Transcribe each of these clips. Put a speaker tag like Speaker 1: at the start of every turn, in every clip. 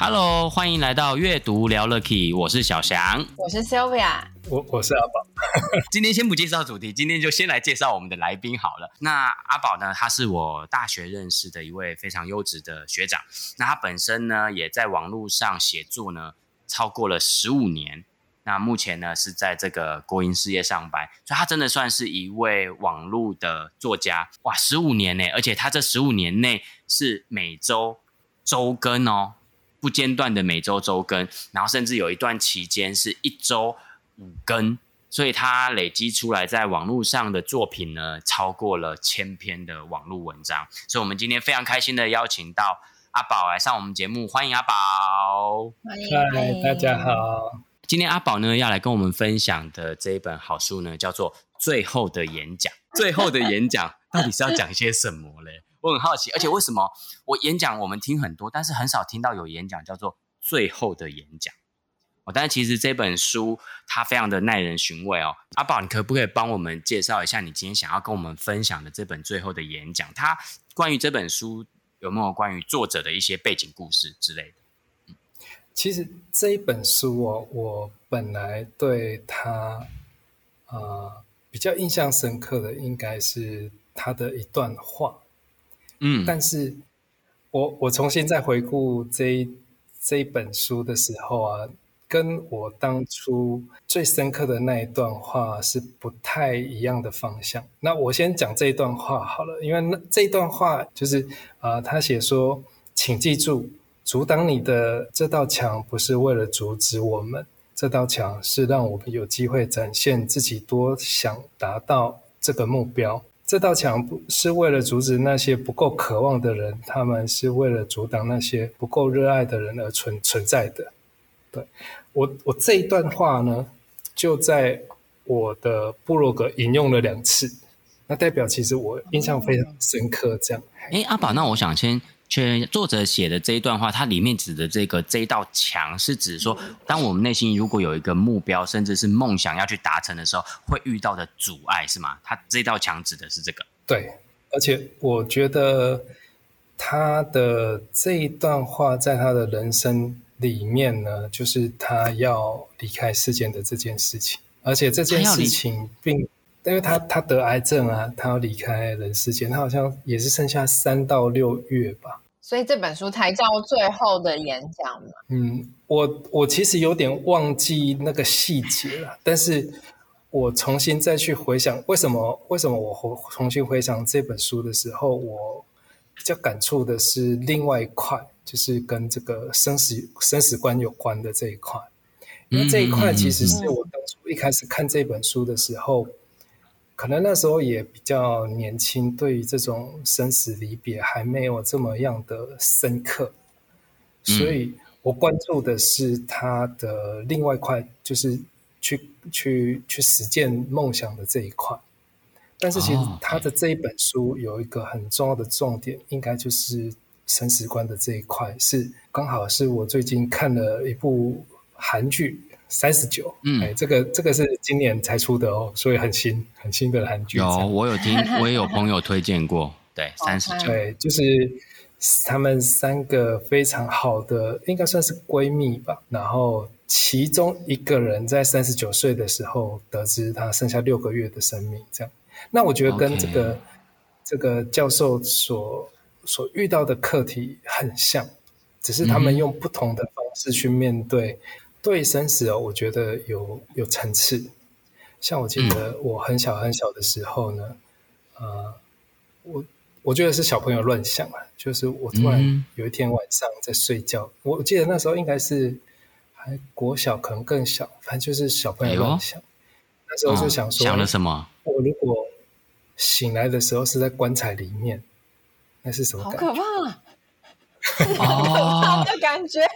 Speaker 1: Hello，歡迎來到閱讀聊 Lucky，我是小翔，
Speaker 2: 我是 Sylvia，
Speaker 1: 我我是阿寶。 今天先不介紹主題，今天就先來介紹我們的來賓好了。那阿寶呢？他是我大學認識的一位非常優質的學長。那他本身呢，也在網絡上寫作呢，超過了十五年。那目前呢，是在這個國營事業上班，所以他真的算是一位網絡的作家。哇，十五年呢，而且他這十五年內是每周周更哦。不間斷的每周周更，然後甚至有一段期間是一周五更，所以他累積出來在網絡上的作品呢，超過了千篇的網絡文章。所以，我們今天非常開心的邀請到阿寶來上我們節目，歡迎阿寶！嗨，Hi, 大家好。今天阿寶呢要來跟我們分享的這一本好書呢，叫做《最後的演講》。 最後的演講到底是要講些什麼嘞？ 我很好奇，而且為什麼我演講我們聽很多，但是很少聽到有演講叫做“最後的演講”。哦，但是其實這本書它非常的耐人尋味哦。阿寶，你可不可以幫我們介紹一下你今天想要跟我們分享的這本《最後的演講》？它關於這本書有沒有關於作者的一些背景故事之類的？
Speaker 3: 嗯，其實這一本書哦，我本來對它呃比較印象深刻的應該是它的一段話。嗯，但是我，我我重新再回顧這一這一本書的時候啊，跟我當初最深刻的那一段話是不太一樣的方向。那我先講這一段話好了，因為那這一段話就是啊，他、呃、寫說，請記住，阻擋你的這道牆不是為了阻止我們，這道牆是讓我們有機會展現自己多想達到這個目標。這道牆不是為了阻止那些不夠渴望的人，他們是為了阻擋那些不夠熱愛的人而存存在的。對，我我這一段話呢，就在我的部落格引用了兩次，那代表其實我印象非常深刻。這樣，
Speaker 1: 哎，阿寶，那我想先。確認作者寫的這一段話，他裡面指的這個這一道牆是指說，當我們內心如果有一個目標，甚至是夢想要去達成的時候，會遇到的阻礙是嗎？他這道牆指的是這個。
Speaker 3: 對，而且我覺得他的這一段話在他的人生裡面呢，就是他要離開世間的這件事情，而且這件事情並。因為他他得癌症啊，他要離開人世間，他好像也是剩下三到六月吧。
Speaker 2: 所以這本書才叫最後的演講嘛。
Speaker 3: 嗯，我我其實有點忘記那個細節了，但是我重新再去回想，為什麼為什麼我重重新回想這本書的時候，我比較感觸的是另外一塊，就是跟這個生死生死觀有關的這一塊。因為這一塊其實是我當初一開始看這本書的時候。嗯嗯嗯可能那時候也比較年輕，對於這種生死離別還沒有這麼樣的深刻，所以我關注的是他的另外一塊，就是去去去實踐夢想的這一塊。但是其實他的這一本書有一個很重要的重點，應該就是生死觀的這一塊，是剛好是我最近看了一部韓劇。三十九，嗯，這個這個是今年才出的哦，所以很新，很新的韓劇。有，
Speaker 1: 我有聽，我也有朋友推薦過。 對，三十九，okay. 對，
Speaker 3: 就是她們三個非常好的，應該算是閨蜜吧。然後其中一個人在三十九歲的時候得知她剩下六個月的生命，這樣。那我覺得跟這個、okay. 這個教授所所遇到的課題很像，只是他們用不同的方式去面對、嗯。嗯對生死哦，我覺得有有層次。像我記得我很小很小的時候呢，啊、嗯呃，我我覺得是小朋友亂想啊，就是我突然有一天晚上在睡覺，嗯、我記得那時候應該是還國小，可能更小，反正就是小朋友亂想。
Speaker 1: 哎、那時候就想說、嗯，想了什麼？我如果醒
Speaker 3: 來的時候是在棺材裡面，那是什麼感
Speaker 2: 覺？好可怕、啊！ 哦，的感覺、欸。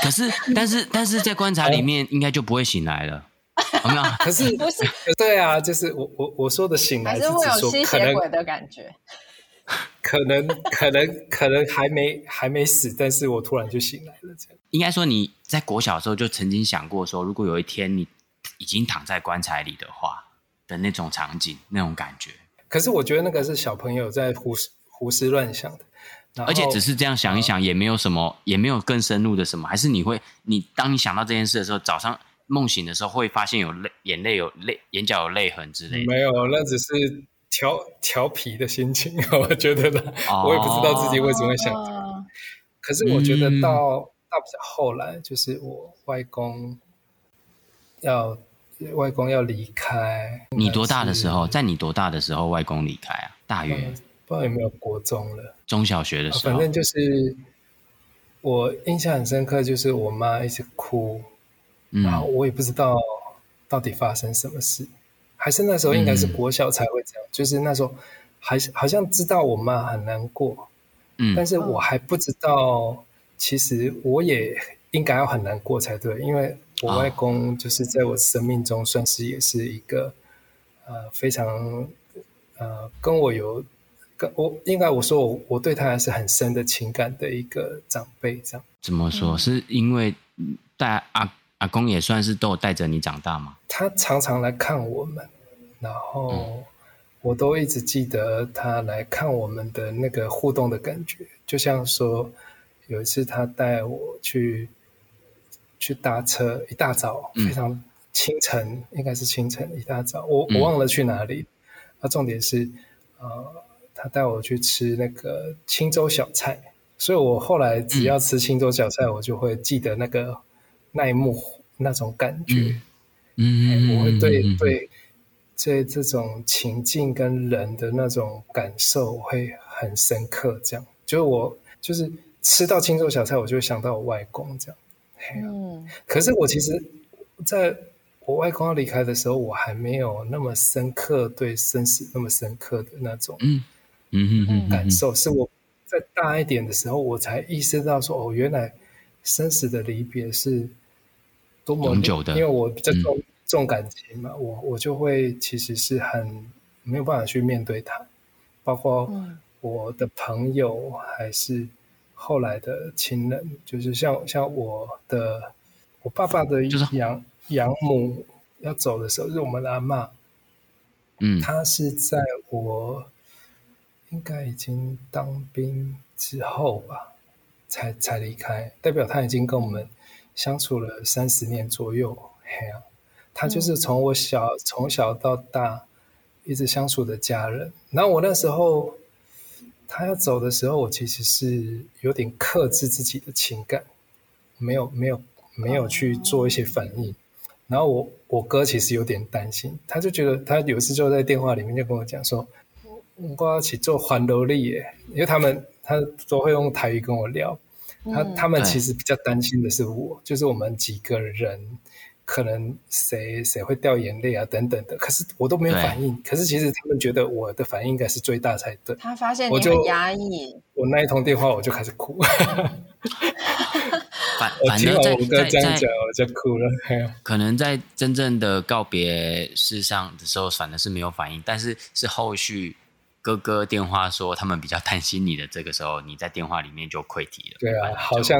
Speaker 2: 可是，但是，但是在棺材裡
Speaker 1: 面，應該就不會醒來了、哦，有沒有？可是，不是。對啊，就是我我我說的醒來是指說，可
Speaker 2: 能的感覺。
Speaker 3: 可能，可能，可能還沒還沒死，但是我突然就醒來了。這
Speaker 1: 樣。應該說你在國小的時候就曾經想過說，如果有一天你已經躺在棺材裡的話的那種場景、那種感覺。可是我
Speaker 3: 覺得那個是小朋友在胡思胡思亂想的。而且只是
Speaker 1: 這樣想一想也沒有什麼、啊，也沒有更深入的什麼。還是你會，你當你想到這件事的時候，早上夢醒的時候會發現有淚，眼淚有淚，眼角有淚痕之
Speaker 3: 類的。沒有，那只是調調皮的心情，我覺得吧、哦，我也不知道自己為什麼會想、這個啊。可是我覺得到到比較後來、嗯，就是我外公要外公要離開。你多大的時
Speaker 1: 候？在你多大的時候，外公離開啊？大約？那個
Speaker 3: 不知道有沒有國中
Speaker 1: 了，中小學的時候，啊、反正就
Speaker 3: 是我印象很深刻，就是我媽一直哭、嗯，
Speaker 1: 然
Speaker 3: 後我也不知道到底發生什麼事，還是那時候應該是國小才會這樣，嗯、就是那時候還是好像知道我媽很難過、嗯，但是我還不知道，其實我也應該要很難過才對，因為我外公就是在我生命中算是也是一個呃非常呃跟我有。我應該我說我我對他還是很深的情感的一個長輩這樣，
Speaker 1: 怎麼說？嗯、是因為帶阿阿公也算是都帶着你長大嘛？
Speaker 3: 他常常來看我們，然後我都一直記得他來看我們的那個互動的感覺。就像說有一次他帶我去去搭車，一大早非常清晨，嗯、應該是清晨一大早，我我忘了去哪裡。那、嗯、重點是、呃他帶我去吃那個青州小菜，所以我後來只要吃青州小菜，嗯、我就會記得那個那一幕，那種感覺。嗯，欸、嗯，我會對對這這種情境跟人的那種感受會很深刻。這樣，就是我就是吃到青州小菜，我就會想到我外公這樣、啊嗯。可是我其實在我外公要離開的時候，我還沒有那麼深刻對生死那麼深刻的那種。嗯。嗯嗯嗯，感受是我在大一點的時候，我才意識到說，哦，原來生死的離別是多麼久的，因為我比較重、嗯、重感情嘛，我我就會其實是很沒有辦法去面對他，包括我的朋友、嗯、還是後來的親人，就是像像我的我爸爸的養、就是、養母要走的時候，就是我們的阿嬤，嗯，她是在我。應該已經當兵之後吧，才才離開，代表他已經跟我們相處了三十年左右。嘿呀、啊，他就是從我小、嗯、從小到大一直相處的家人。然後我那時候他要走的時候，我其實是有點克制自己的情感，沒有沒有沒有去做一些反應。嗯、然後我我哥其實有點擔心，他就覺得他有一次就在電話裡面就跟我講說。我要去做環遊力耶，因為他們他們都會用台語跟我聊，他、嗯、他們其實比較擔心的是我，就是我們幾個人可能誰誰會掉眼淚啊等等的，可是我都沒有反應，可是其實他們覺得我的反應應該是最大才對。他
Speaker 2: 發現很壓我很壓抑，
Speaker 3: 我那一通電話我就開始哭，
Speaker 1: 反反正我聽到我哥這樣講
Speaker 3: 我就哭了。
Speaker 1: 可能在真正的告別式上的時候反而是沒有反應，但是是後續。哥哥電話說他們比較擔心你的這個時候，你在電話裡面就潰堤了。
Speaker 3: 對啊，好像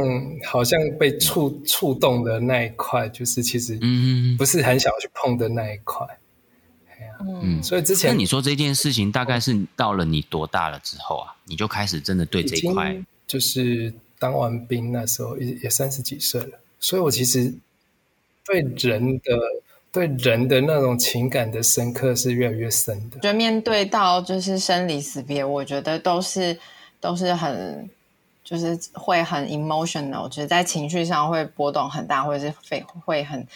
Speaker 3: 好像被觸觸動的那一塊，就是其實嗯不是很想去碰的那一塊，嗯
Speaker 1: 啊。嗯，所以之前那你說這件事情大概是到了你多大了之後啊，你就開始真的對這一塊，
Speaker 3: 就是當完兵那時候也也三十幾歲了，所以我其實對人的。對人的那種情感的深刻是越來越深
Speaker 2: 的。就面對到就是生離死別，我覺得都是都是很就是會很 emotional，就是在情緒上會波動很大，或者是會很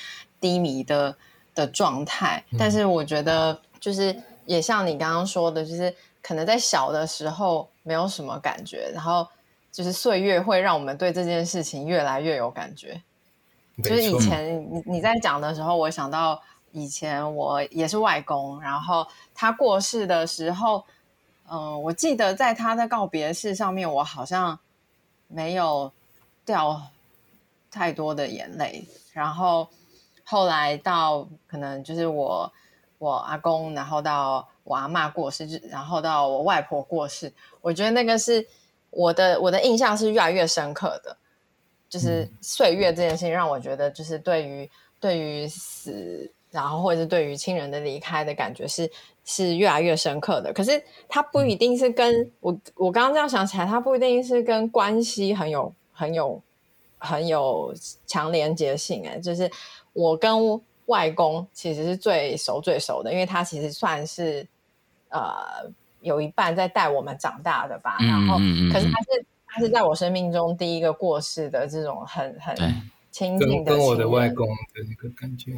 Speaker 2: 低迷的的狀態。但是我覺得就是也像你剛剛說的，就是可能在小的時候沒有什麼感覺，然後就是歲月會讓我們對這件事情越來越有感覺。就是以前你你在講的時候，我想到以前我也是外公，然後他過世的時候，嗯，我記得在他的告別式上面，我好像沒有掉太多的眼淚。然後後來到可能就是我我阿公，然後到我阿嬤過世，然後到我外婆過世，我覺得那個是我的我的印象是越來越深刻的。就是歲月這件事情讓我覺得，就是對於對於死，然後或者是對於親人的離開的感覺是是越來越深刻的。可是他不一定是跟我，我剛剛這樣想起來，他不一定是跟關係很有很有很有強連接性哎、欸。就是我跟外公其實是最熟最熟的，因為他其實算是呃有一半在帶我們長大的吧。然後，可
Speaker 3: 是他是。嗯嗯嗯
Speaker 2: 嗯他是在我生命中第一個過世的這種很很親近的，跟我的外
Speaker 3: 公的一個感覺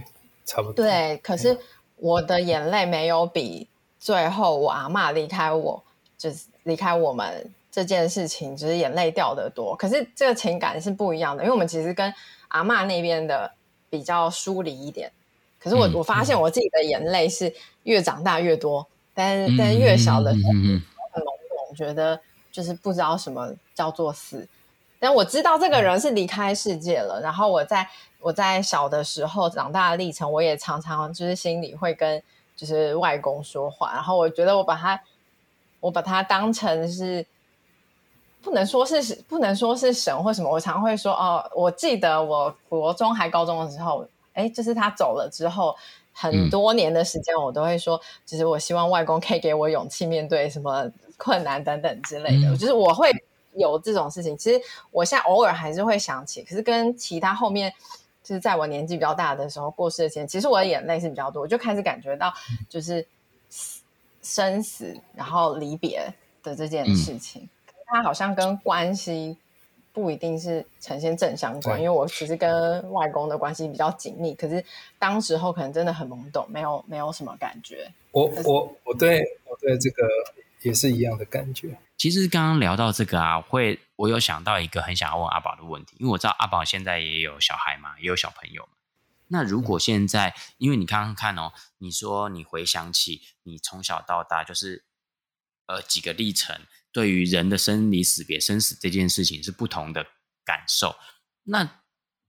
Speaker 3: 差不多。
Speaker 2: 對，可是我的眼淚沒有比最後我阿嬤離開我，嗯、就是離開我們這件事情，只、就是眼淚掉得多。可是這個情感是不一樣的，因為我們其實跟阿嬤那邊的比較疏離一點。可是我我發現我自己的眼淚是越長大越多，嗯、但但越小的時候很懵懂，覺得。就是不知道什麼叫做死，但我知道這個人是離開世界了。然後我在我在小的時候長大的歷程，我也常常就是心裡會跟就是外公說話。然後我覺得我把他，我把他當成是不能說是不能說是神或什麼。我常會說哦，我記得我國中還高中的時候，哎，就是他走了之後，很多年的時間，我都會說、嗯，就是我希望外公可以給我勇氣面對什麼困難等等之類的、嗯，就是我會有這種事情。其實我現在偶爾還是會想起，可是跟其他後面就是在我年紀比較大的時候過世的前，其實我的眼淚是比較多，我就開始感覺到就是、嗯、生死然後離別的這件事情、嗯，它好像跟關係不一定是呈現正相關、嗯。因為我其實跟外公的關係比較緊密，可是當時候可能真的很懵懂，沒有沒有什麼感覺。我、就是、我
Speaker 3: 我對我對這個。也是一樣的感覺。
Speaker 1: 其實剛剛聊到這個啊，我會，我有想到一個很想要問阿寶的問題，因為我知道阿寶現在也有小孩嘛，也有小朋友嘛。那如果現在，因為你剛剛看哦，你說你回想起你從小到大，就是呃幾個歷程，對於人的生離死別、生死這件事情是不同的感受。那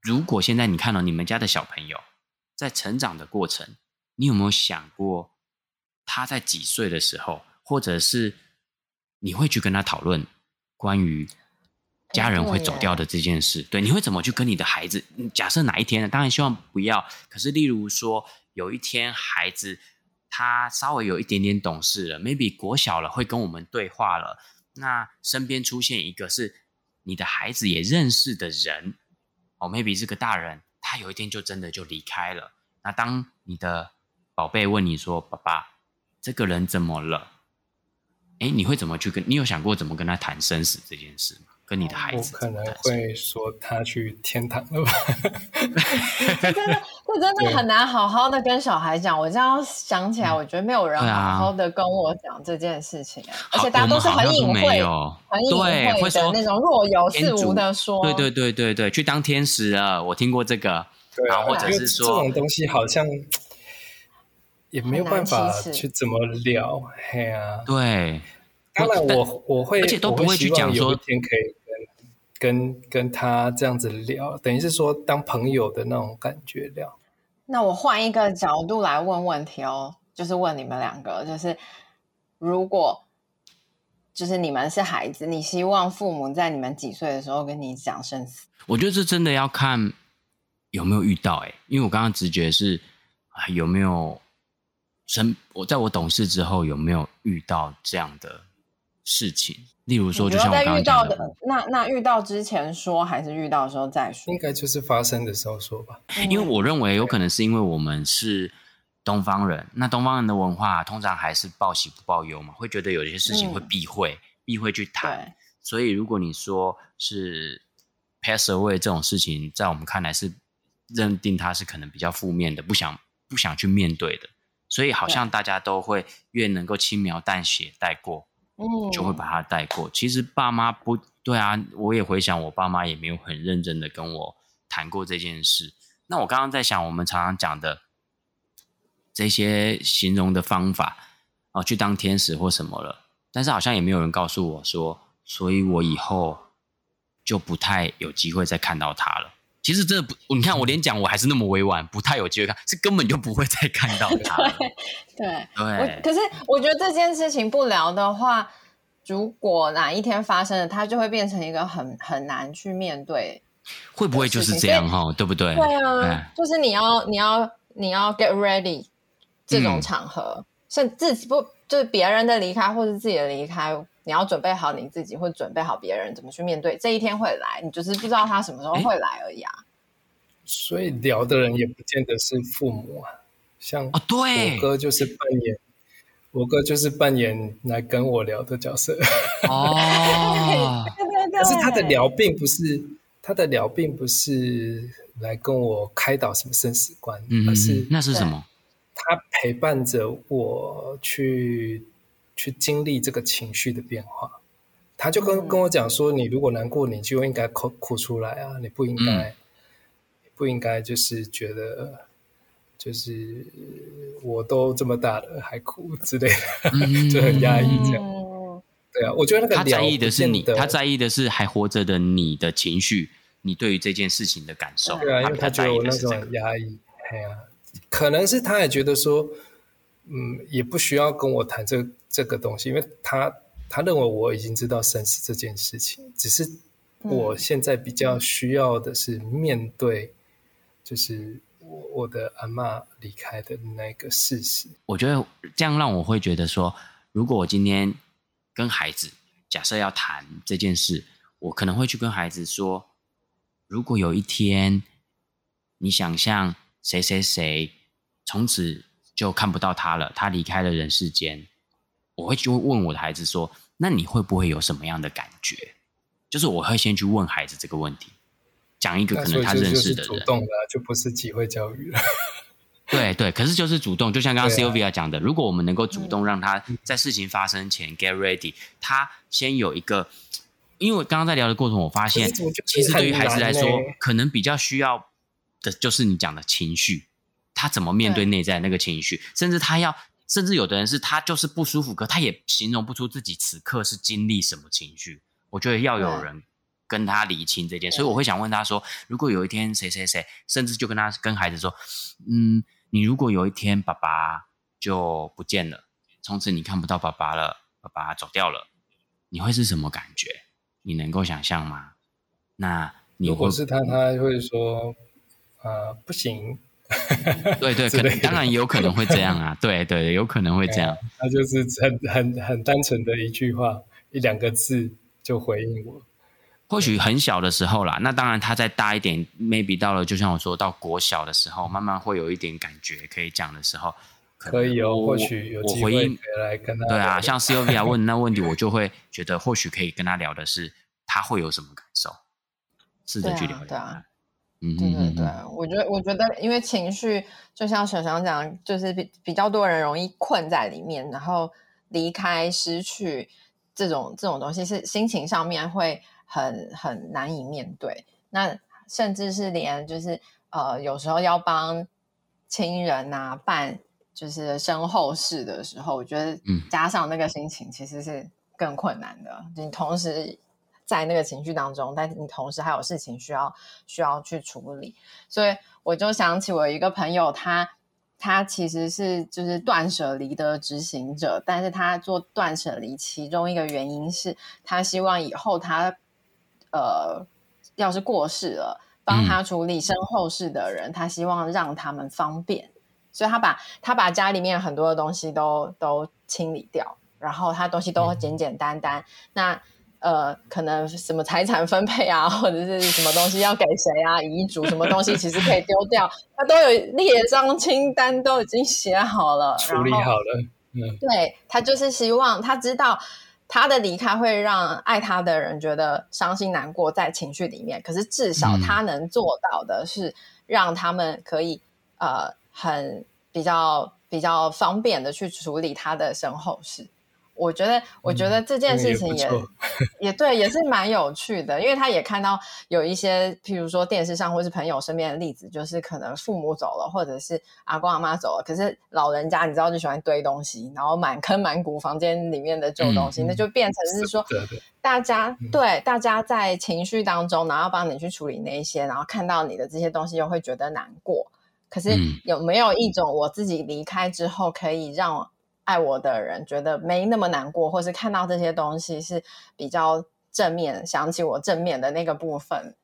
Speaker 1: 如果現在你看到哦，你們家的小朋友在成長的過程，你有沒有想過他在幾歲的時候？或者是你會去跟他討論關於家人會走掉的這件事，對，你會怎麼去跟你的孩子？假設哪一天呢？當然希望不要，可是例如說有一天孩子他稍微有一點點懂事了，maybe 國小了會跟我們對話了，那身邊出現一個是你的孩子也認識的人哦、oh，maybe 是個大人，他有一天就真的就離開了。那當你的寶貝問你說：“爸爸，這個人怎麼了？”哎，你會怎麼去跟？你有想過怎麼跟他談生死這件事嗎？跟你
Speaker 3: 的孩子？我可能會說他去天堂了吧。
Speaker 2: 真的，這真的很難好好的跟小孩講。我這樣想起來，我覺得沒有人好好的跟我講這件事情，
Speaker 1: 啊嗯、而且大家都是很隱晦，我沒有很隱晦的那
Speaker 2: 種若有似無的說。對
Speaker 1: 對對對對，去當天使啊！我聽過這個，然
Speaker 3: 後、啊啊、或者是說這種東西好像。也沒有辦法去怎麼聊，嘿呀、啊，對，當然我我會，而且都不會去講，說有一天可以跟跟跟他這樣子聊，嗯、等於是說當朋友的那種感覺聊。
Speaker 2: 那我換一個角度來問問題哦、喔，就是問你們兩個，就是如果就是你們是孩子，你希望父母在你們幾歲的時候跟你講生
Speaker 1: 死？我覺得這真的要看有沒有遇到哎、欸，因為我剛剛直覺是啊有沒有。生我在我懂事之後有沒有遇到這樣的事情？例如說，就像我剛剛
Speaker 2: 講的那、那遇到之前說，還
Speaker 3: 是遇到的時候再說，應該就是發生的時候說吧。
Speaker 1: 因為我認為有可能是因為我們是東方人，那東方人的文化通常還是報喜不報憂嘛，會覺得有些事情會避諱，避諱去談。所以如果你說是 pass away 這種事情，在我們看來是認定它是可能比較負面的，不想不想去面對的。所以好像大家都會越能夠輕描淡寫帶過，
Speaker 2: 嗯，就會把
Speaker 1: 它帶過。其實爸媽不對啊，我也回想，我爸媽也沒有很認真的跟我談過這件事。那我剛剛在想，我們常常講的這些形容的方法，哦，啊，去當天使或什麼了，但是好像也沒有人告訴我說，所以我以後就不太有機會再看到他了。其實真的不，你看我連講我還是那麼委婉，不太有機會看，是根本就不會再看到他 對。對對，可
Speaker 2: 是我覺得這件事情不聊的話，如果哪一天發生了，它就會變成一個很很難去面對。
Speaker 1: 會不會就是這樣哈、哦？對不對？對啊，嗯、
Speaker 2: 就是你要你要你要 get ready 這種場合，是、嗯、自己不就是別人的離開，或是自己的離開。你要準備好你自己，或準備好別人怎麼去面對，這一天會來。你就是不知道他什麼時候會來而已啊。欸、
Speaker 3: 所以聊的人也不見得是父母啊，像啊，對我哥就是扮演，哦、我哥就是扮演來跟我聊的角色。哦， 對對對，可是他的聊並不是他的聊並不是來跟我開導什麼生死觀，嗯嗯，而是那是什麼？他陪伴着我去。去經歷這個情緒的變化，他就跟跟我講說：“你如果難過，你就應該哭，哭出來啊，你不應該，嗯、不應該就是覺得就是我都這麼大了還哭之類的， 就很壓抑這樣。嗯”對啊，我覺得那個他在意的是你，他
Speaker 1: 在意的是還活着的你的情緒，你對於這件事情的感受。對啊，他在意的是這樣、
Speaker 3: 個、壓抑。哎呀、啊，可能是他也覺得說。嗯，也不需要跟我談這這個東西，因為他他認為我已經知道生死這件事情，只是我現在比較需要的是面對，就是我、嗯、我的阿嬤離開的那個事實。
Speaker 1: 我覺得這樣讓我會覺得說，如果我今天跟孩子假設要談這件事，我可能會去跟孩子說，如果有一天你想象誰誰誰從此，就看不到他了，他離開了人世間。我會就問我的孩子說：“那你會不會有什麼樣的感覺？”就是我會先去問孩子這個問題，講一個可能他認識的人，就，
Speaker 3: 就，是主動了，就不是機會教育了。
Speaker 1: 對對，可是就是主動，就像剛剛 Covia 講的、啊，如果我們能夠主動讓他在事情發生前 get ready，、嗯、他先有一個。因為我剛剛在聊的過程，我發現其實對於孩子來說，可能比較需要的就是你講的情緒。他怎麼面對內在那個情緒，甚至他要，甚至有的人是他就是不舒服，可他也形容不出自己此刻是經歷什麼情緒。我覺得要有人跟他理清這件，所以我會想問他說：如果有一天誰誰誰，甚至就跟他跟孩子說，嗯，你如果有一天爸爸就不見了，從此你看不到爸爸了，爸爸走掉了，你會是什麼感覺？你能夠想象嗎？那你如果
Speaker 3: 是他，他會說，呃，不行。
Speaker 1: 對對，對，可能，當然有可能會這樣啊！ 對，對對，有可能會這樣。Okay,
Speaker 3: 他就是很很很單純的一句話，一兩個字就回應我。
Speaker 1: 或許很小的時候啦，那當然他再大一點，maybe 到了就像我說到國小的時候，慢慢會有一點感覺可以講的時候可，
Speaker 3: 可以哦。或許有機會。可以來跟他聊。對啊，像 Covia 問
Speaker 1: 那問題， 我就會覺得或許可以跟他聊的是他會有什麼感受，試着去聊
Speaker 2: 聊。嗯， 對對對，我覺得，我覺得，因為情緒就像小翔講，就是比比較多人容易困在裡面，然後離開、失去這種這種東西，是心情上面會很很難以面對。那甚至是連就是呃，有時候要幫親人啊辦就是身後事的時候，我覺得加上那個心情，其實是更困難的。你同時。在那個情緒當中，但你同時還有事情需要需要去處理，所以我就想起我有一個朋友，他他其實是就是斷捨離的執行者，但是他做斷捨離，其中一個原因是他希望以後他呃要是過世了，
Speaker 1: 幫他處
Speaker 2: 理身後事的人，嗯、他希望讓他們方便，所以他把他把家裡面很多的東西都都清理掉，然後他東西都簡簡單單，嗯、那。呃，可能什麼財產分配啊，或者是什麼東西要給誰啊， 遺囑什麼東西，其實可以丟掉，他都有列張清單，都已經寫好了，處理好
Speaker 3: 了。
Speaker 2: 嗯，對，他就是希望他知道他的離開會讓愛他的人覺得傷心難過，在情緒裡面。可是至少他能做到的是讓他們可以、嗯、呃很比較比較方便的去處理他的身後事。我覺得，我覺得這件事情也，嗯、也， 也，也對，也是蠻有趣的，因為他也看到有一些，譬如說電視上或是朋友身邊的例子，就是可能父母走了，或者是阿公阿媽走了，可是老人家你知道就喜歡堆東西，然後滿坑滿谷房間裡面的舊東西，嗯、那就變成是說，是大家對、嗯、大家在情緒當中，然後幫你去處理那些，然後看到你的這些東西又會覺得難過。可是有沒有一種我自己離開之後可以讓愛我的人覺得沒那麼難過，或是看到這些東西是比較正面，想起我正面的那個部分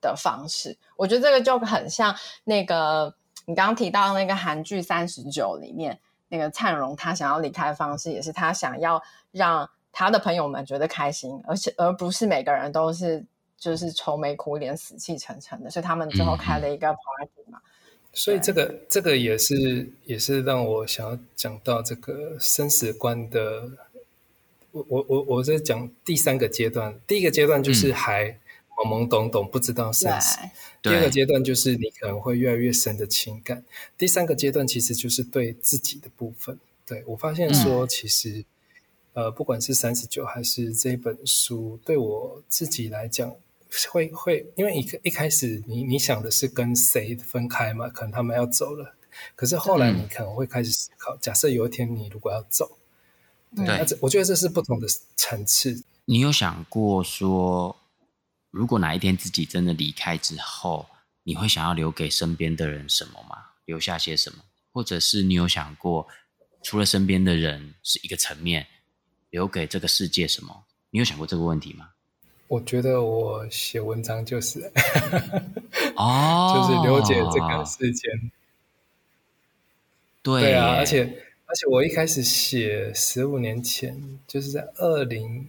Speaker 2: 的方式。我覺得這個就很像那個你剛剛提到那個韓劇《三十九》裡面那個燦榮，他想要離開的方式也是他想要讓他的朋友們覺得開心，而且而不是每個人都是就是愁眉苦臉、死氣沉沉的，所以他們最後開了一個 party 嘛。嗯
Speaker 3: 所以這個這個也是也是讓我想要講到這個生死觀的，我我我我在講第三個階段，第一個階段就是還懵懵懂懂不知道生死，嗯、第二個階段就是你可能會越來越深的情感，第三個階段其實就是對自己的部分。對，我發現說，其實、嗯、呃，不管是39還是這本書，對我自己來講。會會，因為一個一開始你你想的是跟誰分開嘛？可能他們要走了，可是後來你可能會開始思考，嗯、假設有一天你如果要走，嗯嗯、對、啊，我覺得這是不同的
Speaker 1: 層次。你有想過說，如果哪一天自己真的離開之後，你會想要留給身邊的人什麼嗎？留下些什麼？或者是你有想過，除了身邊的人是一個層面，留給這個世界什麼？你有想過這個問題嗎？
Speaker 3: 我覺得我寫文章就是
Speaker 1: 就是了解這個
Speaker 3: 世界。對啊，而且而且我一開始寫十五年前，就是在二零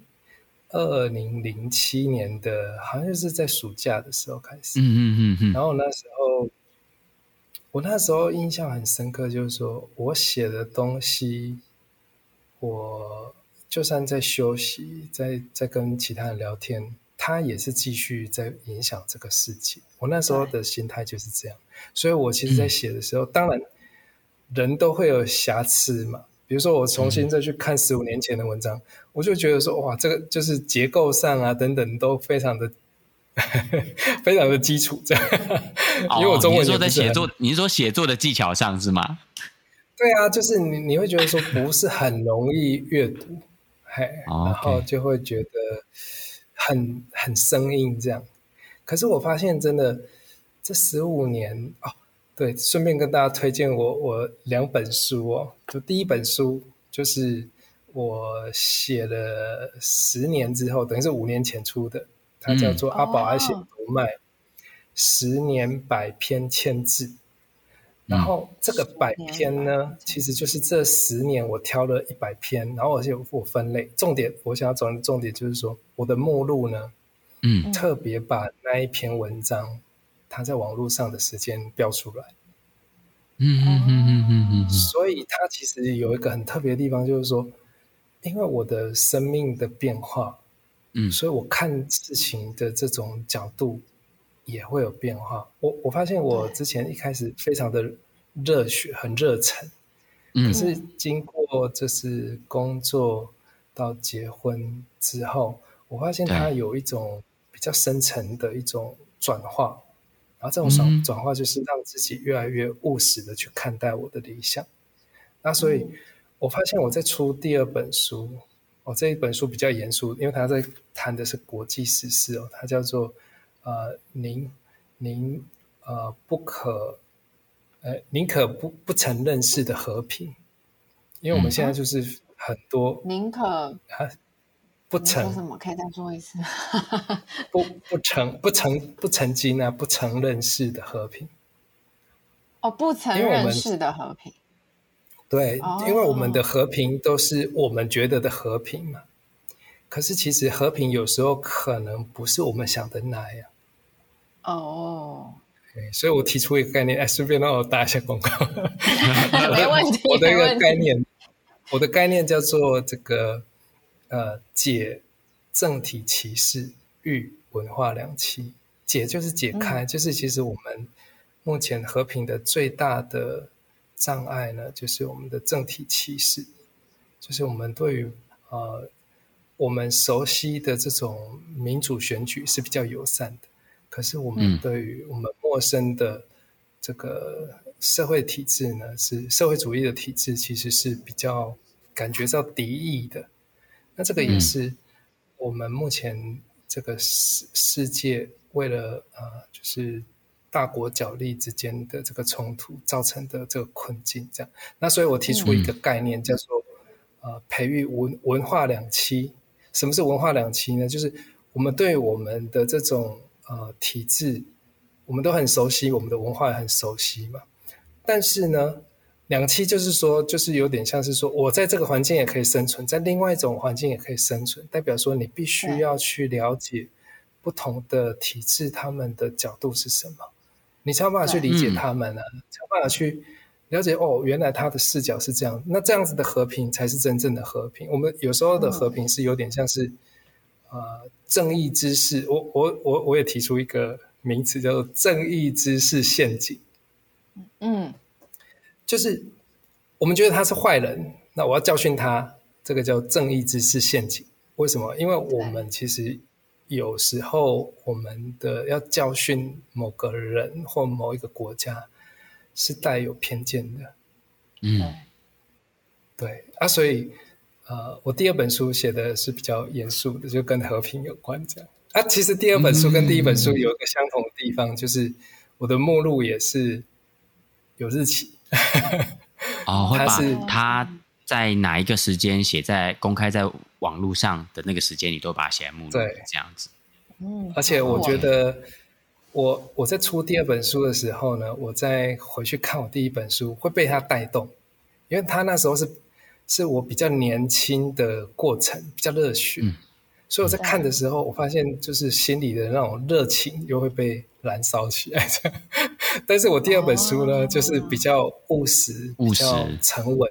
Speaker 3: 二零零七年的，好像是在暑假的時候開始。Mm-hmm. 然後那時候，我那時候印象很深刻，就是說我寫的東西，我。就算在休息，在在跟其他人聊天，他也是繼續在影響這個世界。我那時候的心態就是這樣，所以我其實在寫的時候，嗯、當然人都會有瑕疵嘛。比如說，我重新再去看十五年前的文章、嗯，我就覺得說，哇，這個就是結構上啊等等都非常的、 非常
Speaker 1: 的基礎，這樣。因為我中文、哦、說在寫作，你是說寫作的技巧上是嗎？
Speaker 3: 對啊，就是你你會覺得說不是很容易閱讀。 哎、
Speaker 1: hey, oh, okay. 然後
Speaker 3: 就會覺得很很生硬這樣。可是我發現真的這十五年哦，對，順便跟大家推薦我我兩本書哦。就第一本書就是我寫了十年之後，等於是五年前出的，它叫做《阿寶愛心獨賣》。嗯、哦，十年百篇千字。嗯、然後這個百篇呢百，其實就是這十年我挑了一百篇，嗯、然後而且我分類。重點，我想要講的重點就是說，我的目錄呢，嗯，特別把那一篇文章，它在網絡上的時間標出來。嗯嗯嗯嗯。所以它其實有一個很特別的地方，就是說，因為我的生命的變化，嗯，所以我看事情的這種角度。也會有變化。我我發現我之前一開始非常的熱血，很熱忱，可是經過就是工作到結婚之後，我發現它有一種比較深層的一種轉化，然後這種轉化就是讓自己越來越務實的去看待我的理想。嗯、那所以，我發現我在出第二本書，哦，這一本書比較嚴肅，因為它在談的是國際時事哦，它叫做。呃，您您呃不可，呃寧可不不曾認識的和平，
Speaker 2: 因為我們現在就
Speaker 3: 是很多寧、
Speaker 2: 嗯呃、可，啊、不曾說什麼可以再說一次，
Speaker 3: 不不曾不曾不曾接啊，不曾認識的和平
Speaker 2: 哦，不曾認識的和平、
Speaker 3: 哦，對，因為我們的和平都是我們覺得的和平嘛，哦、可是其實和平有時候可能不是我們想的那樣。哦、oh.，所以，我提出一個概念，哎，順便讓我打一下廣
Speaker 2: 告 我的， 我的一個概
Speaker 3: 念，我的概念叫做這個呃，解政體歧視育文化兩棲。解就是解開、嗯，就是其實我們目前和平的最大的障礙呢，就是我們的政體歧視，就是我們對於呃我們熟悉的這種民主選舉是比較友善的。可是我們對於我們陌生的這個社會體制呢，是社會主義的體制，其實是比較感覺到敵意的。那這個也是我們目前這個世世界，為了啊、呃，就是大國角力之間的這個衝突造成的這個困境。這樣，那所以我提出一個概念，叫做呃，培育文文化兩棲。什麼是文化兩棲呢？就是我們對於我們的這種。啊、呃，體制，我們都很熟悉，我們的文化也很熟悉嘛。但是呢，兩棲就是說，就是有點像是說，我在這個環境也可以生存，在另外一種環境也可以生存，代表說你必須要去了解不同的體制，他們的角度是什麼、嗯，你才有辦法去理解他們啊，嗯、才有辦法去了解哦，原來他的視角是這樣，那這樣子的和平才是真正的和平。我們有時候的和平是有點像是。嗯啊、呃，正義之士，我我我我也提出一個名詞叫做“正義之士陷阱”。嗯，就是我們覺得他是壞人，那我要教訓他，這個叫正義之士陷阱。為什麼？因為我們其實有時候我們的要教訓某個人或某一個國家，是帶有偏見的。嗯，對，啊，所以。呃，我第二本書寫的是比較嚴肅的，就跟和平有關這樣。啊，其實第二本書跟第一本書有一個相同的地方，嗯、就是我的目錄也是有日期。
Speaker 1: 哦，它是它在哪一個時間寫在公開在網路上的那個時間，你都把它寫在目錄裡，對，這樣子。
Speaker 3: 嗯，而且我覺得我，我我在出第二本書的時候呢，嗯、我再回去看我第一本書會被它帶動，因為它那時候是。是我比較年輕的過程，比較熱血、嗯，所以我在看的時候、嗯，我發現就是心裡的那種熱情又會被燃燒起來。嗯、 但是，我第二本書呢、嗯，就是比較務實、嗯、比較沉穩，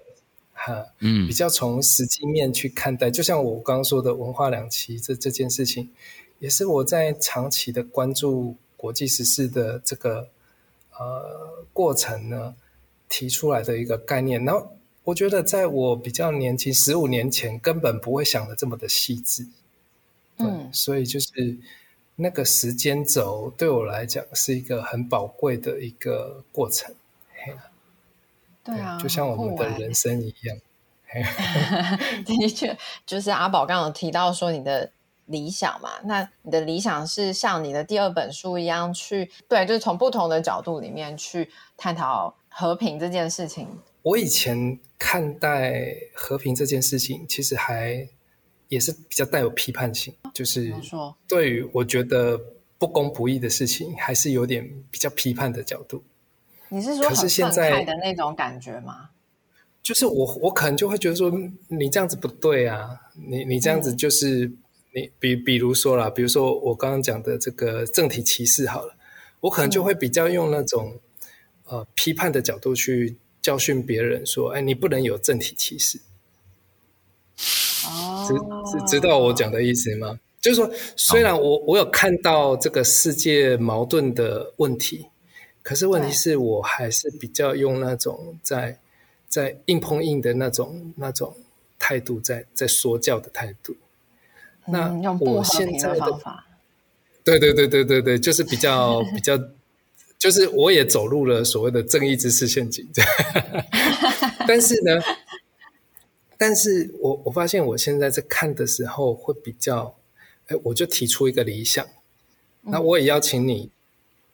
Speaker 3: 哈、嗯，嗯，比較從實際面去看待。嗯、就像我剛剛說的文化兩棲這這件事情，也是我在長期的關注國際時事的這個呃過程呢提出來的一個概念。然後。我覺得，在我比較年輕十五年前，根本不會想的這麼的細緻。嗯對，所以就是那個時間軸對我來講是一個很寶貴的一個過程。嗯、
Speaker 2: 對，對啊，就像我們的人
Speaker 3: 生一樣。
Speaker 2: 的確，嗯、 就是阿寶剛剛提到說你的理想嘛，那你的理想是像你的第二本書一樣去，對，就是從不同的角度裡面去探討和平這件事情。
Speaker 3: 我以前看待和平這件事情，其實還也是比較帶有批判性，就是對於我覺得不公不義的事情，還是有點比較批判的角度。
Speaker 2: 你是說很憤慨的那種感覺嗎？
Speaker 3: 是就是我我可能就會覺得說你這樣子不對啊，你你這樣子就是、嗯、你比比如說啦，比如說我剛剛講的這個政體歧視好了，我可能就會比較用那種、嗯、呃批判的角度去。教訓別人說：“哎、欸，你不能有政體歧視。”哦，知知道我講的意思嗎？Oh. 就是說，雖然我我有看到這個世界矛盾的問題，oh. 可是問題是我還是比較用那種在在硬碰硬的那種那種態度在，在在說教的態度。
Speaker 2: 那我現在的方法
Speaker 3: 對、嗯、對對對對對，就是比較比較。 就是我也走入了所謂的正義之士陷阱 但是呢，但是我我發現我現在在看的時候會比較，哎、欸，我就提出一個理想，那我也邀請你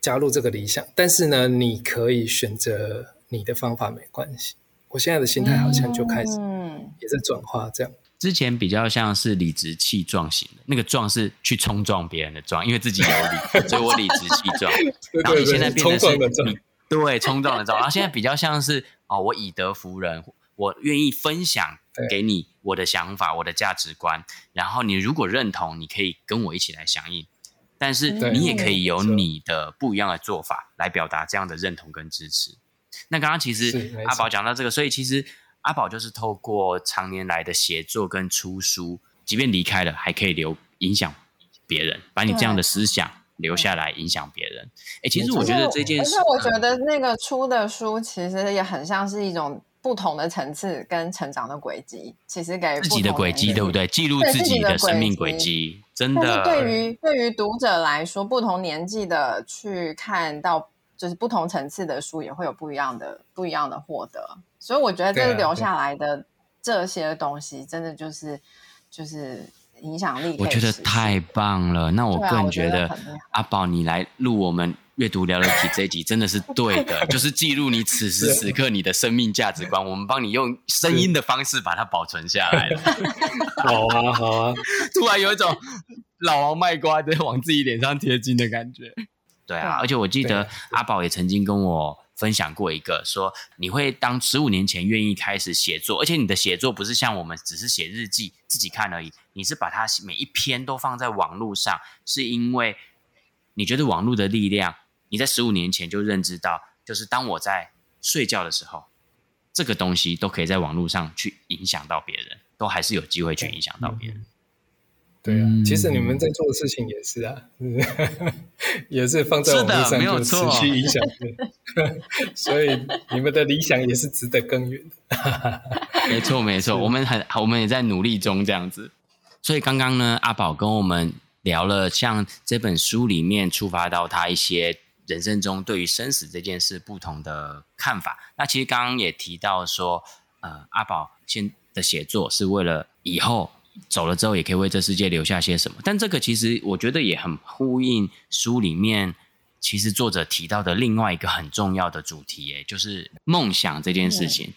Speaker 3: 加入這個理想，嗯、但是呢，你可以選擇你的方法沒關係，我現在的心態好像就開始嗯也是在轉化這樣。嗯
Speaker 1: 之前比較像是理直氣壯型的，那個“壯”是去衝撞別人的“壯”，因為自己有理，所以我理直氣壯。 然後你現在變得是你衝，對，衝撞的壯。然後現在比較像是，哦，我以德服人，我願意分享給你我的想法、我的價值觀。然後你如果認同，你可以跟我一起來響應；但是你也可以有你的不一樣的做法來表達這樣的認同跟支持。那剛剛其實阿寶講到這個，所以其實。阿寶就是透過常年來的寫作跟出書，即便離開了，還可以留影響別人，把你這樣的思想留下來影響別人。哎、欸，其實我覺得這件事，而且我覺得
Speaker 2: 那個出的書其實也很像是一種不同的層次跟成長的軌跡，其實給自己的軌跡對
Speaker 1: 不對？記錄自己的生命軌跡，真的。對於
Speaker 2: 對於讀者來說，不同年紀的去看到，就是不同層次的書也會有不一樣的不一樣的獲得。所以我覺得這留下來的這些東西，真的就是、啊就是、就是影響力。我覺得
Speaker 1: 太棒了，那我更覺得，、啊、覺得阿寶你來錄我們閱讀聊聊體這一集真的是對的， 就是記錄你此時此刻你的生命價值觀，我們幫你用聲音的方式把它保存下來了。好啊，好啊！突然有一種老王賣瓜在往自己臉上貼金的感覺。對啊，而且我記得阿寶也曾經跟我分享過一個說，你會當十五年前願意開始寫作，而且你的寫作不是像我們只是寫日記自己看而已，你是把它每一篇都放在網絡上，是因為你覺得網絡的力量，你在十五年前就認知到，就是當我在睡覺的時候，這個東西都可以在網絡上去影響到別人，都還是有機會去影響到別人。嗯
Speaker 3: 對啊、嗯，其實你們在做的事情也是啊，嗯、
Speaker 1: 也是放在網絡上做持續影響
Speaker 3: 所以你們的理想也是值得耕耘
Speaker 1: 的。 沒錯，沒錯，我們很我們也在努力中這樣子。所以剛剛呢，阿寶跟我們聊了，像這本書裡面觸發到他一些人生中對於生死這件事不同的看法。那其實剛剛也提到說，呃，阿寶現的寫作是為了以後。走了之後，也可以為這世界留下些什麼？但這個其實我覺得也很呼應書裡面，其實作者提到的另外一個很重要的主題，誒，就是夢想這件事情。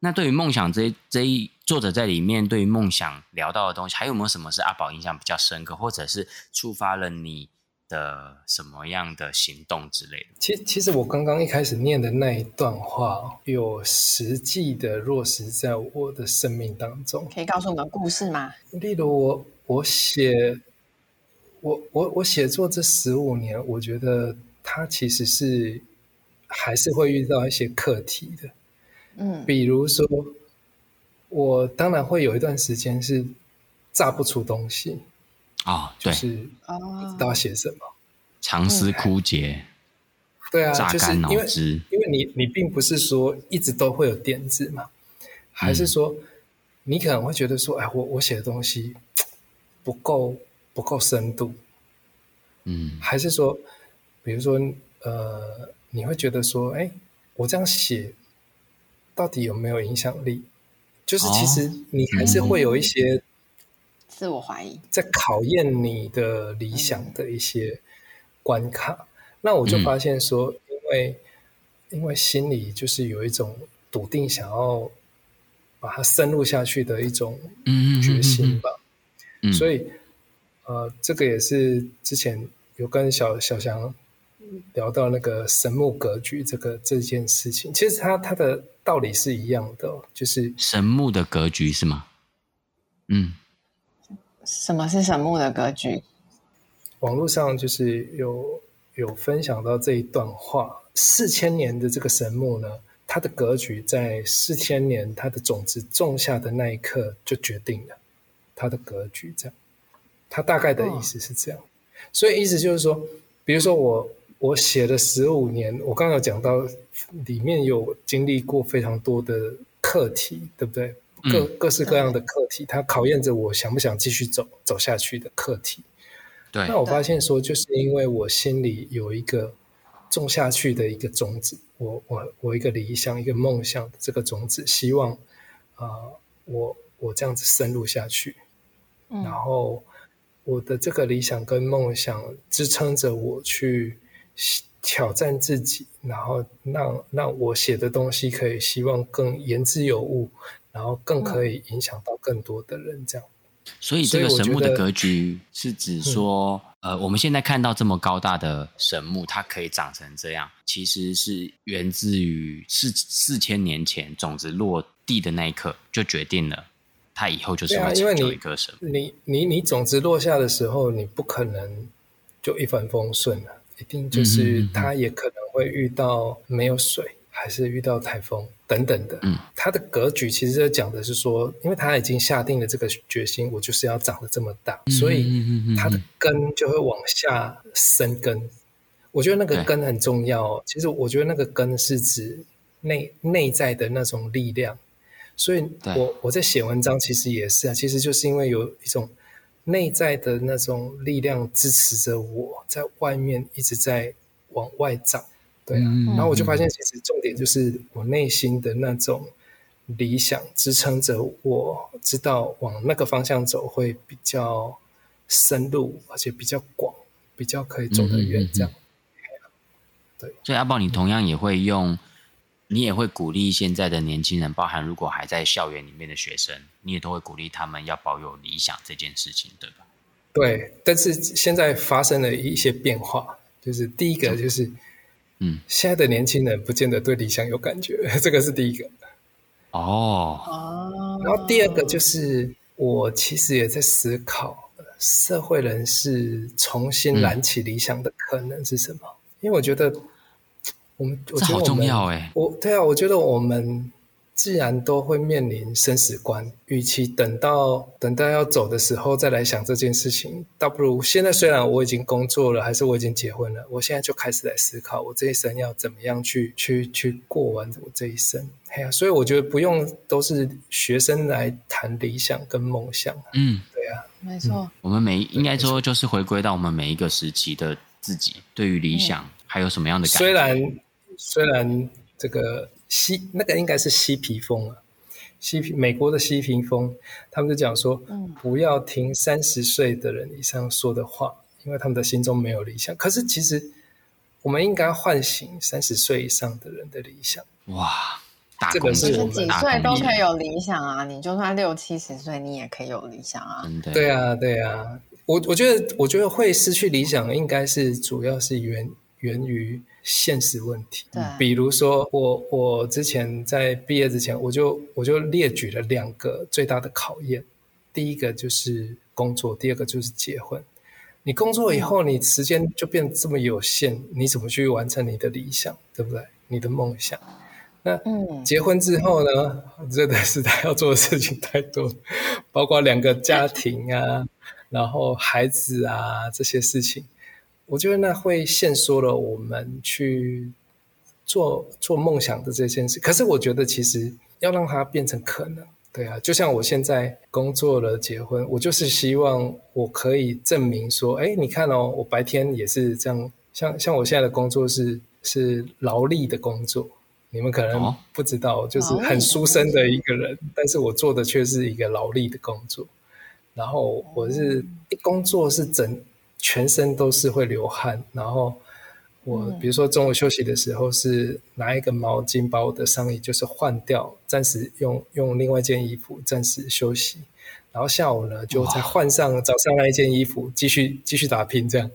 Speaker 1: 那對於夢想這一這一作者在裡面對於夢想聊到的東西，還有沒有什麼是阿寶印象比較深刻，或者是觸發了你？的什麼樣的行動之類的？
Speaker 3: 其其實我剛剛一開始念的那一段話，有實際的落實在我的生命當中。可以告訴我們故事嗎？例如我我寫我我我寫作這十五年，我覺得它其實是還是會遇到一些課題的。嗯，比如說我當然會有一段時間是炸不出東西。啊、哦，就是啊，不知道寫什麼，
Speaker 1: 常思枯竭，對啊，對啊，就是因，
Speaker 3: 因為你你並不是說一直都會有點子嘛，還是說、嗯、你可能會覺得說，哎，我我寫的東西不夠不夠，不夠深度，嗯，還是說，比如說呃，你會覺得說，哎，我這樣寫到底有沒有影響力？就是其實你還是會有一些。哦嗯自我懷疑，在考驗你的理想的一些關卡。嗯、那我就發現說，因為、嗯、因為心裡就是有一種篤定，想要把它深入下去的一種決心吧。嗯嗯嗯、所以，呃，這個也是之前有跟小小翔聊到那個神木格局這個這件事情，其實它它的道理是一樣的，就是
Speaker 1: 神木的格局是嗎？嗯。
Speaker 2: 什麼是神木的格局？
Speaker 3: 網絡上就是有有分享到這一段話，四千年的這個神木呢，它的格局在四千年，它的種子種下的那一刻就決定了它的格局。這樣，它大概的意思是這樣。Oh. 所以意思就是說，比如說我我寫了十五年，我剛剛有講到裡面有經歷過非常多的課題，對不對？各各式各樣的課題，嗯，它考驗着我想不想繼續走走下去的課題。對，那我發現說，就是因為我心裡有一個種下去的一個種子，我我我一個理想一個夢想的這個種子希望啊，呃，我我這樣子深入下去，
Speaker 1: 嗯，然
Speaker 3: 後我的這個理想跟夢想支撐着我去挑戰自己，然後讓讓我寫的東西可以希望更言之有物。然後更可以影響到更多的人，這樣。
Speaker 1: 所以這個神木的格局是指說、嗯，呃，我們現在看到這麼高大的神木，它可以長成這樣，其實是源自於四四千年前種子落地的那一刻就決定了，它以後就是要長成就一棵神木。因為你你你，
Speaker 3: 你種子落下的時候，你不可能就一帆風順了，一定就是它也可能會遇到沒有水。還是遇到颱風等等的，嗯，它的格局其實就講的是說，因為它已經下定了這個決心，我就是要長得這麼大，所以它的根就會往下生根。我覺得那個根很重要。其實我覺得那個根是指內內在的那種力量。所以，我我在寫文章其實也是啊，其實就是因為有一種內在的那種力量支持着我在外面一直在往外長。對啊，然後我就發現，其實重點就是我內心的那種理想支撐着我，知道往那個方向走會比較深入，而且比較廣，比較可以走得遠，這、嗯、樣、嗯
Speaker 1: 啊。對。所以阿寶，你同樣也會用，你也會鼓勵現在的年輕人，包含如果還在校園裡面的學生，你也都會鼓勵他們要保有理想這件事情，對吧？
Speaker 3: 對，但是現在發生了一些變化，就是第一個就是。嗯，現在的年輕人不見得對理想有感覺，這個是第一個。
Speaker 1: 哦、oh.
Speaker 3: 然後第二個就是，我其實也在思考，社會人士重新燃起理想的可能是什麼？嗯、因為我覺得，我們，我覺得我們，這好重要哎、欸。我，對啊，我覺得我們。既然都會面臨生死關，與其等到等到要走的時候再來想這件事情，倒不如現在。雖然我已經工作了，還是我已經結婚了，我現在就開始來思考，我這一生要怎麼樣去去去過完我這一生。呀、啊，所以我覺得不用都是學生來談理想跟夢想、啊。嗯，對呀、啊，沒
Speaker 1: 錯。嗯、我們每應該說就是回歸到我們每一個時期的自己，對於理想還有什麼樣的感覺、
Speaker 3: 嗯嗯？雖然雖然這個。嬉那個應該是嬉皮風啊，嬉皮美國的嬉皮風，他們就講說，不要聽三十歲的人以上說的話、嗯，因為他們的心中沒有理想。可是其實，我們應該喚醒三十歲以上的人的理想。哇，這個、是。你、就是、幾歲都可以
Speaker 2: 有理想啊！你就算六七十歲，你也可以有理想啊！
Speaker 3: 對啊，對啊，我我覺得我覺得會失去理想，應該是主要是源源於。現實問題，嗯，比如說我，我之前在畢業之前，我就我就列舉了兩個最大的考驗，第一個就是工作，第二個就是結婚。你工作以後，你時間就變這麼有限，你怎麼去完成你的理想，對不對？你的夢想？那結婚之後呢，嗯，真的是他要做的事情太多，包括兩個家庭啊，然後孩子啊這些事情。我覺得那會限縮了我們去做做夢想的這件事。可是我覺得，其實要讓它變成可能，對啊。就像我現在工作了、結婚，我就是希望我可以證明說，哎，你看哦，我白天也是這樣。像像我現在的工作是是勞力的工作，你們可能不知道，oh. 就是很書生的一個人，oh. Oh. 但是我做的卻是一個勞力的工作。然後我是、oh. 工作是整。全身都是會流汗，然後我比如說中午休息的時候，是拿一個毛巾把我的上衣就是換掉，暫時用用另外一件衣服暫時休息，然後下午呢就再換上早上那一件衣服，繼續繼續打拼這樣。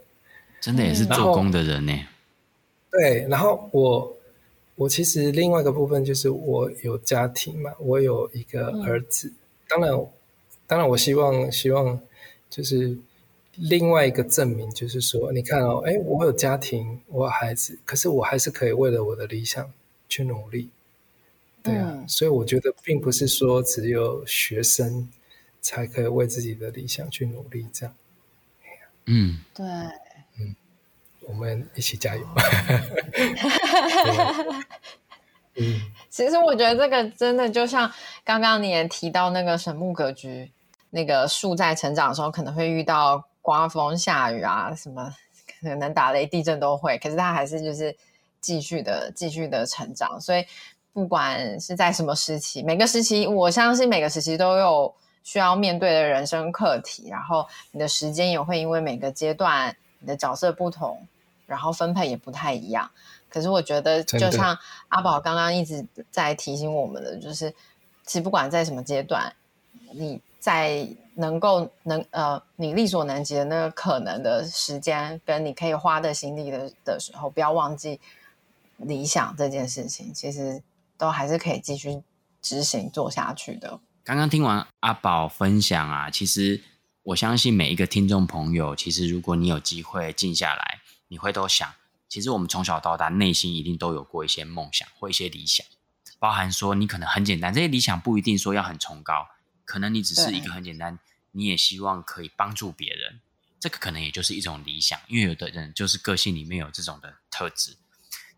Speaker 1: 真的也是做工的人呢、欸嗯。
Speaker 3: 對，然後我我其實另外一個部分就是我有家庭嘛，我有一個兒子，嗯、當然當然我希望希望就是。另外一個證明就是說，你看哦，哎，我有家庭，我有孩子，可是我還是可以為了我的理想去努力，嗯，對啊，所以我覺得並不是說只有學生才可以為自己的理想去努力，這樣。
Speaker 2: 嗯，對，嗯，
Speaker 3: 我們一起加油。 對 嗯，
Speaker 2: 其實我覺得這個真的就像剛剛你也提到那個神木格局，那個樹在成長的時候可能會遇到。颳風下雨啊，什麼可能打雷、地震都會，可是他還是就是繼續的、繼續的成長。所以不管是在什麼時期，每個時期，我相信每個時期都有需要面對的人生課題。然後你的時間也會因為每個階段你的角色不同，然後分配也不太一樣。可是我覺得，就像阿寶剛剛一直在提醒我們的，就是其實不管在什麼階段，你在。能夠能呃，你力所能及的那個可能的時間跟你可以花的心力的的時候，不要忘記理想這件事情，其實都還是可以繼續執行做下去的。
Speaker 1: 剛剛聽完阿寶分享啊，其實我相信每一個聽眾朋友，其實如果你有機會靜下來，你會都想，其實我們從小到大內心一定都有過一些夢想或一些理想，包含說你可能很簡單，這些理想不一定說要很崇高。可能你只是一個很簡單，你也希望可以幫助別人，這個可能也就是一種理想，因為有的人就是個性裡面有這種的特質。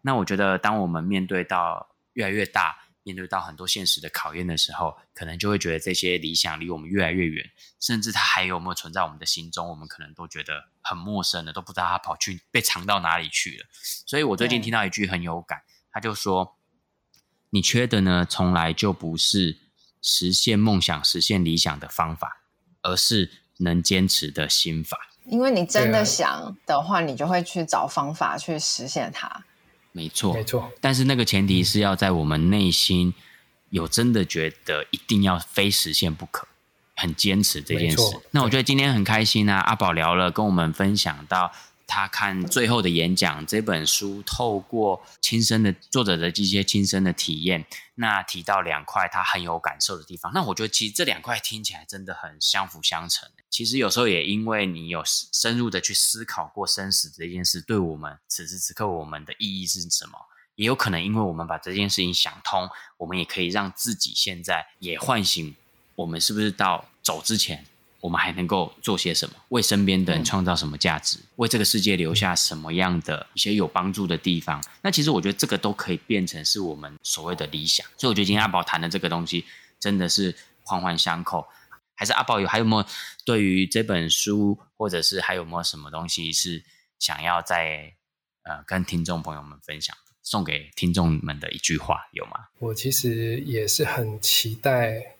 Speaker 1: 那我覺得，當我們面對到越來越大，面對到很多現實的考驗的時候，可能就會覺得這些理想離我們越來越遠，甚至它還有沒有存在我們的心中，我們可能都覺得很陌生的，都不知道它跑去被藏到哪裡去了。所以我最近聽到一句很有感，他就說：“你缺的呢，從來就不是。”實現夢想、實現理想的方法，而是能堅持的心法。
Speaker 2: 因為你真的想的話，對啊，你就會去找方法去實現它。
Speaker 1: 沒錯，沒錯。但是那個前提是要在我們內心有真的覺得一定要非實現不可，很堅持這件事。那我覺得今天很開心啊，阿寶聊了，跟我們分享到。他看最後的演講，這本書透過親身的作者的一些親身的體驗，那提到兩塊他很有感受的地方。那我覺得其實這兩塊聽起來真的很相輔相成。其實有時候也因為你有深入的去思考過生死這件事，對我們此時此刻我們的意義是什麼，也有可能因為我們把這件事情想通，我們也可以讓自己現在也喚醒我們是不是到走之前，我們還能夠做些什麼？為身邊的人創造什麼價值？嗯，為這個世界留下什麼樣的一些有幫助的地方？那其實我覺得這個都可以變成是我們所謂的理想。所以我覺得今天阿寶談的這個東西真的是環環相扣。還是阿寶有還有沒有對於這本書，或者是還有沒有什麼東西是想要再呃跟聽眾朋友們分享？送給聽眾們的一句話有嗎？
Speaker 3: 我其實也是很期待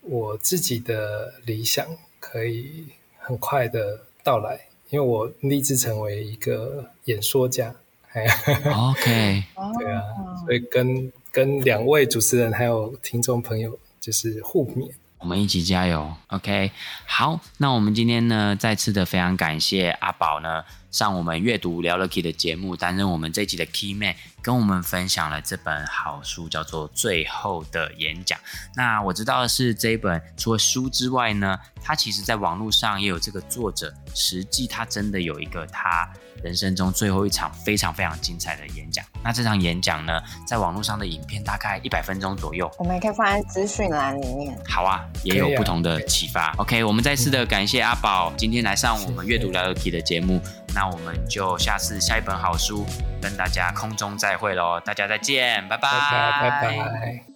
Speaker 3: 我自己的理想，可以很快的到來，因為我立志成為一個演說家。哎、
Speaker 1: OK，
Speaker 3: 對啊，所以跟跟兩位主持人還有聽眾朋友就是互勉。
Speaker 1: 我們一起加油，OK。好，那我們今天呢，再次的非常感謝阿寶呢，上我們閱讀聊 Lucky 的節目，擔任我們這一集的 Key Man，跟我們分享了這本好書，叫做《最後的演講》。那我知道的是，這一本除了書之外呢，它其實在網絡上也有這個作者，實際他真的有一個他。人生中最後一場非常非常精彩的演講。那這場演講呢，在網絡上的影片大概一百分鐘左右。
Speaker 2: 我們也可以放在資訊欄裡面。
Speaker 1: 好啊，也有不同的啟發啊。OK，我們再次的感謝阿寶今天來上我們閱讀聊二 K 的節目。那我們就下次下一本好書，跟大家空中再會嘍！大家再見，拜拜拜拜。Bye bye, bye bye.